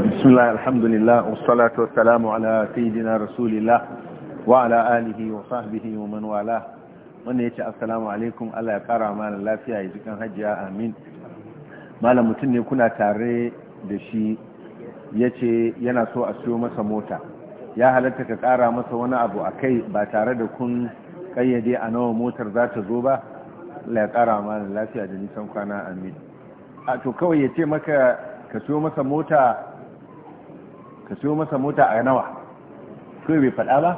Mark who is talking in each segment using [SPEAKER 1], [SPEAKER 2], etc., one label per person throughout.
[SPEAKER 1] بسم الله الحمد لله والصلاة والسلام على سيدنا رسول الله وعلى آله وصحبه ومن والاه wanda ya ce assalamu alaikum Allah ya kara mana lafiya ya jikan hajiya amin malam mutum ne kuna tare da shi ya ce yana so a siyo masa mota ya halatta ka kara masa wani abu a kai ba tare da kun kayyade a nawa motar za ta zo ba Allah ya kara mana lafiya da nisan kwana amin a to kawai ya ce maka ka siyo masa mota ka siyo masa mota a nawa kai bai faɗa ba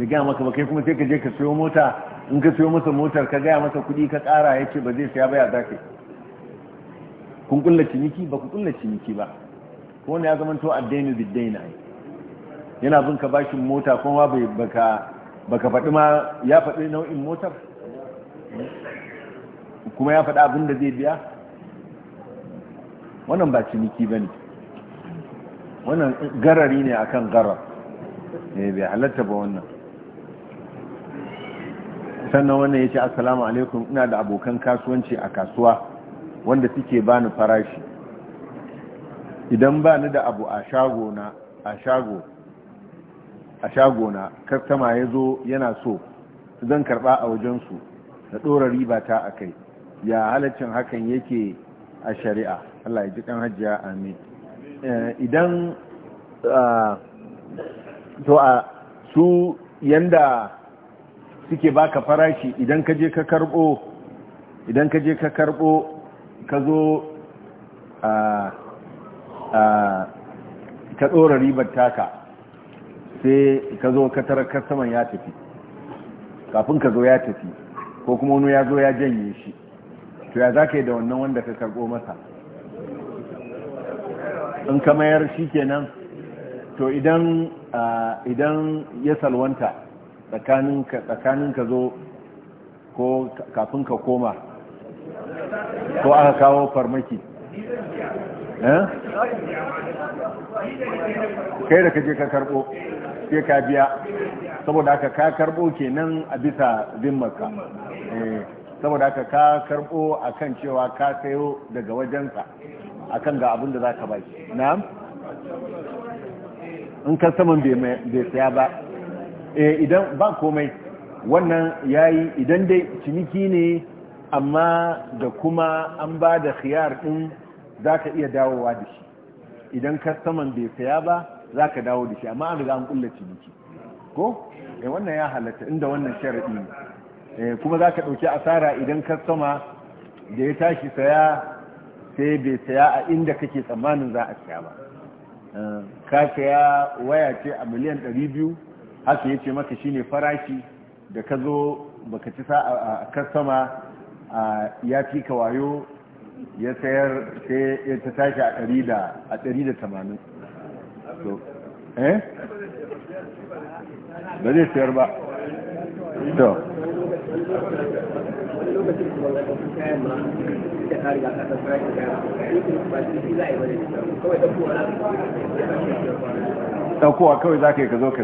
[SPEAKER 1] da gaya maka ba kai kuma sai ka je ka siyo mota in ka siyo masa motar ka gaya masa kudi ka ƙara ya ce ba zai siya baya ya ka kun kulla ciniki ba ku kulla ciniki ba ko ne ya zama to addainu biddaina yana bin ka bashin mota kuma bai baka baka faɗi ma ya faɗi nau'in motar kuma ya faɗi abin da zai biya wannan ba ciniki ba ne wannan garari ne a kan garar ne eh, bai halatta ba wannan sannan wannan ya ce assalamu alaikum ina da abokan kasuwanci a kasuwa wanda suke ba ni farashi idan ba ni da abu a shagona a shago a kastama ya zo yana so zan karba a wajensu da ɗora riba ta a kai ya halaccin hakan yake a shari'a Allah ya ji kan Hajiya amin eh, idan ah, to a ah, su yanda suke baka farashi idan ka je ka karbo idan ka je ka karbo ka zo ah, ka ɗora ribar taka sai ka zo ka tara kasaman ya tafi kafin ka zo ya tafi ko kuma wani ya zo ya janye shi to ya za ka yi da wannan wanda ka karbo masa in ka mayar kenan to idan idan ya salwanta tsakanin ka zo ko kafin ka koma ko aka kawo farmaki eh? kai da kaje ka karbo sai ka biya saboda haka ka karbo kenan a bisa zimmarka eh, saboda haka ka karbo akan cewa ka sayo daga wajensa akan ga abin da za ka baki na'am in kan saman bai saya ba eh, idan ba komai wannan yayi idan dai ciniki ne amma da kuma an ba da khiyar din za ka iya dawowa da shi idan ka saman bai saya ba za ka dawo da shi amma an riga an kulla ciniki ko eh wannan ya halatta inda wannan sharadi ne eh, kuma za ka ɗauki asara idan ka sama da ya tashi saya sai bai saya a inda kake tsammanin za a saya ba ka saya waya ce a miliyan 200 haka ya ce maka shine farashi da ka zo baka ci sa a a ya fi ka wayo ya sayar sai ya ta tashi a 180 eh ba zai sayar ba to ɗaukowa kawai za ka yi ka zo ka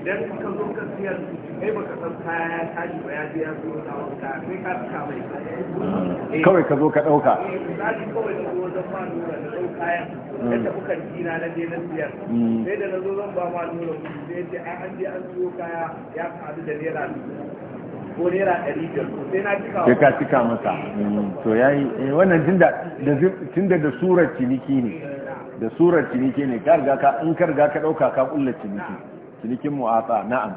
[SPEAKER 1] idan ka zo ka siya kai baka san kaya ta tashi ba ya je ya zo da wanka sai ka tuka mai kawai ka zo ka dauka eh, misali kawai da zo zan ba nura da dau kaya da mm. tafi kanti na na je na siya mm. sai da na zo zan ba ma nura sai ce ai an je an siyo kaya ya faru da naira ko naira ɗari sai na ka masa mm. to yayi eh, wannan tunda da tunda da surar ciniki ne da surar ciniki ne ka riga ka in ka riga ka dauka ka kullace ciniki cinikin mu'ata na'am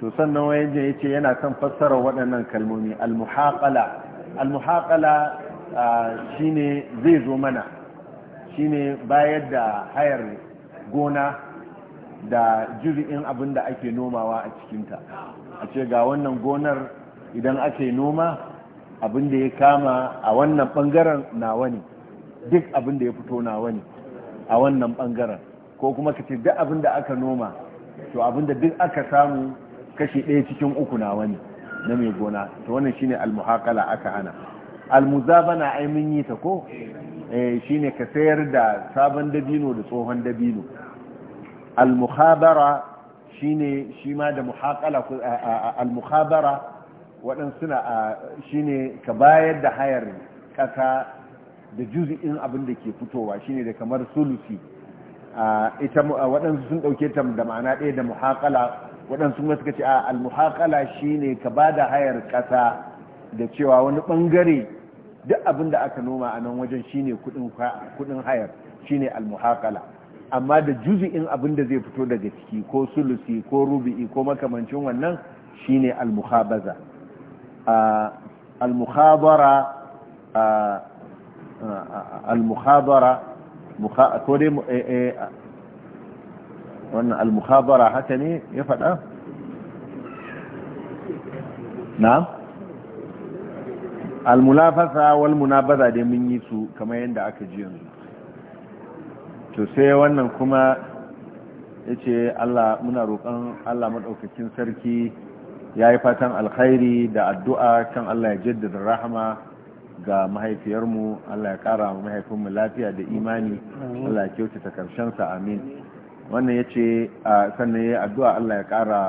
[SPEAKER 1] to sannan wayan ya ce yana kan fassara waɗannan kalmomi al-muhaqala al-muhaqala shine zai zo mana shine bayar da hayar gona da juri'in abin da ake nomawa a cikinta a ce ga wannan gonar idan ake noma abin da ya kama a wannan bangaren nawa ne duk abin da ya fito nawa ne a wannan bangaren ko kuma ka ce duk abin da aka noma to abinda duk aka samu kashi ɗaya cikin uku na wani na mai gona to wannan shine almuhaqala aka hana almuzabana ai mun yi ta ko eh shine ka sayar da sabon dabino da tsohon dabino almuhabara shine shi ma da muhaqala almuhabara waɗansu suna shine ka bayar da hayar ƙasa da juzi'in abin da ke fitowa shine da kamar sulusi ita waɗansu sun ɗauke ta da ma'ana ɗaya da muhaƙala waɗansu ma suka ce a almuhaƙala ne ka ba da hayar ƙasa da cewa wani ɓangare duk abin da aka noma a nan wajen shi ne kuɗin hayar shi shine almuhaƙala amma da juzi'in abin da zai fito daga ciki ko sulusi ko rubi'i ko makamancin wannan shi ne almuhabaza almuhabara almuhabara ko dai eh, eh, wannan al-mukhabara haka ne ya faɗa na al-mulafasa wal munabaza dai mun yi su kamar yadda aka ji yanzu to sai wannan kuma ya ce Allah muna roƙon Allah maɗaukakin sarki ya yi fatan alkhairi da addu'a kan Allah ya jaddada rahama ga mahaifiyarmu Allah ya kara wa mahaifinmu lafiya da imani Allah ya kyautata karshensa amin wannan ya ce sannan ya addu'a Allah ya kara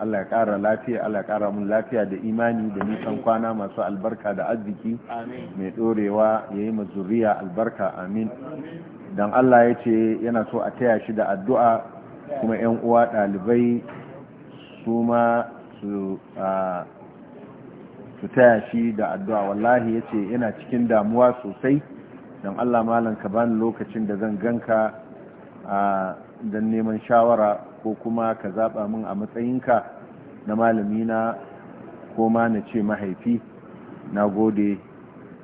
[SPEAKER 1] Allah ya kara lafiya Allah ya kara mun lafiya da imani da nisan kwana masu albarka da arziki mai dorewa ya yi zuriya albarka amin don Allah ya ce yana so a taya shi da addu'a kuma 'yan uwa ɗalibai su ma su su taya shi da addu'a wallahi ya ce yana cikin damuwa sosai don allah malam ka bani lokacin da zan ganka a don neman shawara ko kuma ka zaɓa min a matsayinka na malamina ko ma na ce mahaifi na gode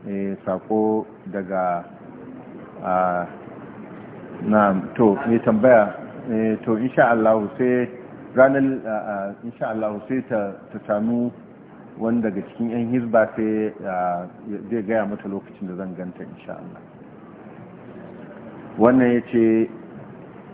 [SPEAKER 1] e, sako daga na to mai tambaya e, to insha Allah sai ranar insha Allah sai ta samu wanda daga cikin yan hizba sai zai gaya mata lokacin da zan ganta insha Allah wannan ya ce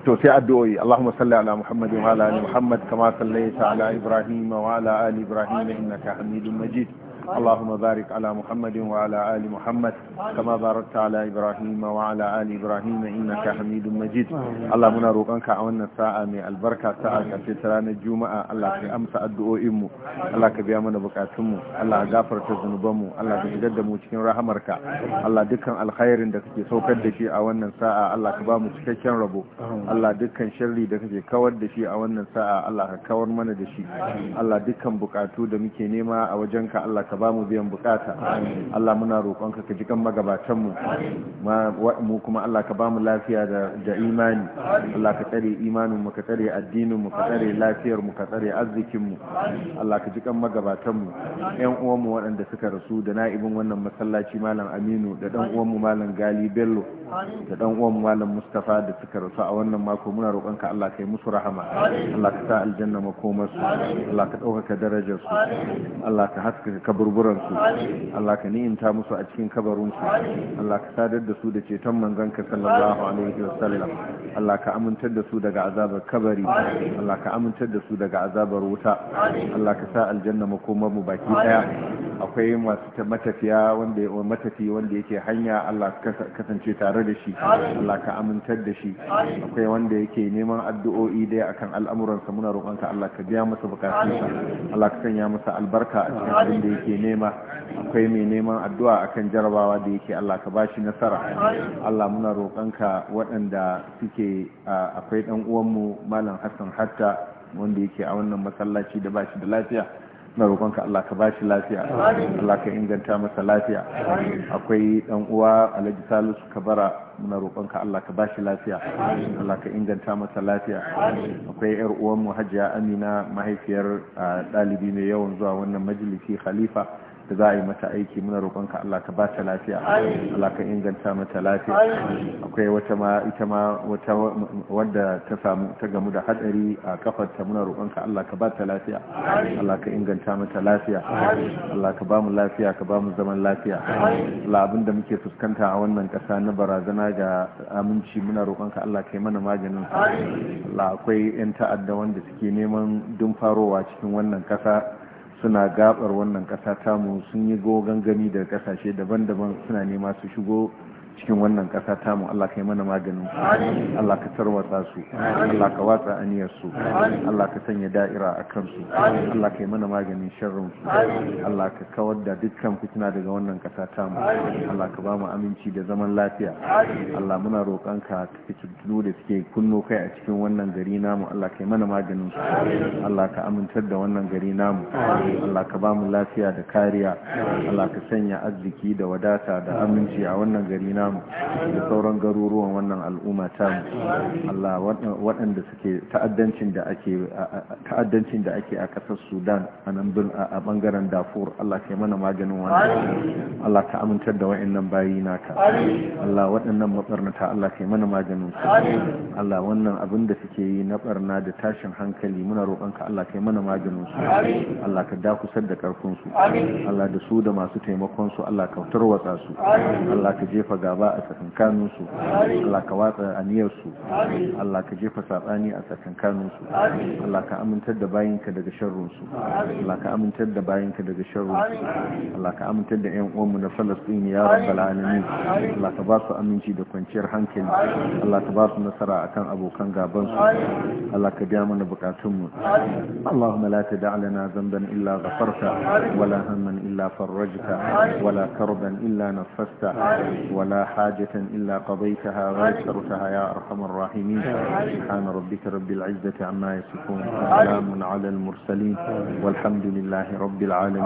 [SPEAKER 1] to sai addu'o'i Allahumma salli ala Muhammad wa ala ali Muhammad kama sallaita ala Ibrahim wa ala ali Ibrahim innaka Hamidum Majid اللهم بارك على محمد وعلى آل محمد كما باركت على إبراهيم وعلى آل إبراهيم إنك حميد مجيد اللهم نروقنك عونا ساعة من البركة ساعة في سران الجمعة الله في أمس أدعو إمو الله كبيا من بكاتمو الله غافر تزنبمو الله كجد موشكين رحمرك الله دكان الخير عندك سوكد شيء عونا ساعة الله كبا مشكين ربو الله دكان شري دكان كور دشي عونا ساعة الله كور من دشي الله دكان بكاتو دمكي نيما أوجنك الله كبا ba mu biyan bukata Allah muna roƙonka ka jikan magabatanmu mu kuma Allah ka ba mu lafiya da imani Allah ka tsare imaninmu ka tsare addininmu ka tsare lafiyarmu ka tsare arzikinmu Allah ka jikan magabatanmu mu ƴan uwan waɗanda suka rasu da na'ibin wannan masallaci malam Aminu da ɗan uwanmu malam Gali Bello da ɗan uwanmu malam Mustafa da suka rasu a wannan mako muna roƙonka Allah ka yi musu rahama Allah ka sa aljanna makomarsu Allah ka ɗaukaka darajarsu Allah ka haskaka su Allah ka ni'imta musu a cikin kabarunsu Allah ka sadar da su da ceton ka sallallahu alaihi wa sallam. Allah ka amintar da su daga azabar kabari Allah ka amintar da su daga azabar wuta Allah ka sa aljanna makomar mu baki daya akwai masu matafiya wanda ya matafi wanda yake hanya Allah kasance tare da shi Allah ka amintar da shi akwai wanda yake neman addu'o'i dai akan al'amuransa muna roƙonka Allah ka biya masa bukatunsa Allah ka sanya masa albarka a cikin abin da yake nema akwai mai neman addu'a akan jarabawa da yake Allah ka bashi nasara Allah muna roƙonka waɗanda suke akwai ɗan uwanmu Malam Hassan Hatta wanda yake a wannan masallaci da bashi da lafiya na roƙonka Allah ka ba shi lafiya Allah ka inganta masa lafiya akwai dan uwa Alhaji Salisu Kabara muna rokonka Allah ka ba shi lafiya Allah ka inganta masa lafiya akwai yar uwan mu Hajiya Amina mahaifiyar dalibi ah, mai yawan zuwa wannan majalisi Khalifa da za a yi mata aiki muna roƙonka Allah ka ba ta lafiya Allah ka inganta mata lafiya akwai wata ma ita ma wata wadda ta samu ta gamu da hadari a kafar ta muna roƙonka Allah ka ba ta lafiya Allah ka inganta mata lafiya Allah ka ba mu lafiya ka ba mu zaman lafiya Allah da muke fuskanta a wannan ƙasa na barazana ga aminci muna roƙonka Allah ka yi mana maganin Allah akwai 'yan ta'adda wanda suke neman dun farowa cikin wannan ƙasa suna gabar wannan ƙasa tamu sun yi gani daga ƙasashe daban-daban suna nema su shigo cikin wannan ƙasa tamu Allah ka yi mana maganin su Allah ka tarwatsa su Allah ka watsa aniyar su Allah ka sanya da'ira a kansu Allah ka yi mana maganin sharrin su Allah ka kawar da dukkan fitina daga wannan ƙasa tamu Allah ka ba mu aminci da zaman lafiya Allah muna roƙon ka fitinu da suke kunno kai a cikin wannan gari namu Allah ka yi mana maganin su Allah ka amintar da wannan gari namu Allah ka ba mu lafiya da kariya Allah ka sanya arziki da wadata da aminci a wannan gari namu tamu da sauran garuruwan wannan al'umma tamu Allah waɗanda suke ta'addancin da ake a ƙasar Sudan a nan a ɓangaren Darfur Allah kai mana maganin wannan Allah ka amintar da wa'annan bayi naka Allah waɗannan matsarnata Allah kai mana maganin su Allah wannan abin da suke yi na barna da tashin hankali muna roƙonka Allah kai mana maganin su Allah ka dakusar da karfin su Allah da su da masu taimakon su Allah ka tarwatsa su Allah ka jefa gaba gaba a tsakankanin Allah ka watsa aniyar su Allah ka jefa sabani a tsakankanin su Allah ka amintar da bayinka daga sharrunsu. Allah ka amintar da bayinka daga sharrunsu. Allah ka amintar da ƴan uwanmu na Falastin ya rabbal alamin Allah ka ba su aminci da kwanciyar hankali Allah ka ba su nasara akan abokan gaban su Allah ka biya mana bukatun mu Allahumma la tad'a lana dhanban illa ghafarta wala hamman illa farajta wala karban illa nafasta wala حاجة إلا قضيتها ويسرتها يا أرحم الراحمين سبحان ربك رب العزة عما يصفون سلام على المرسلين والحمد لله رب العالمين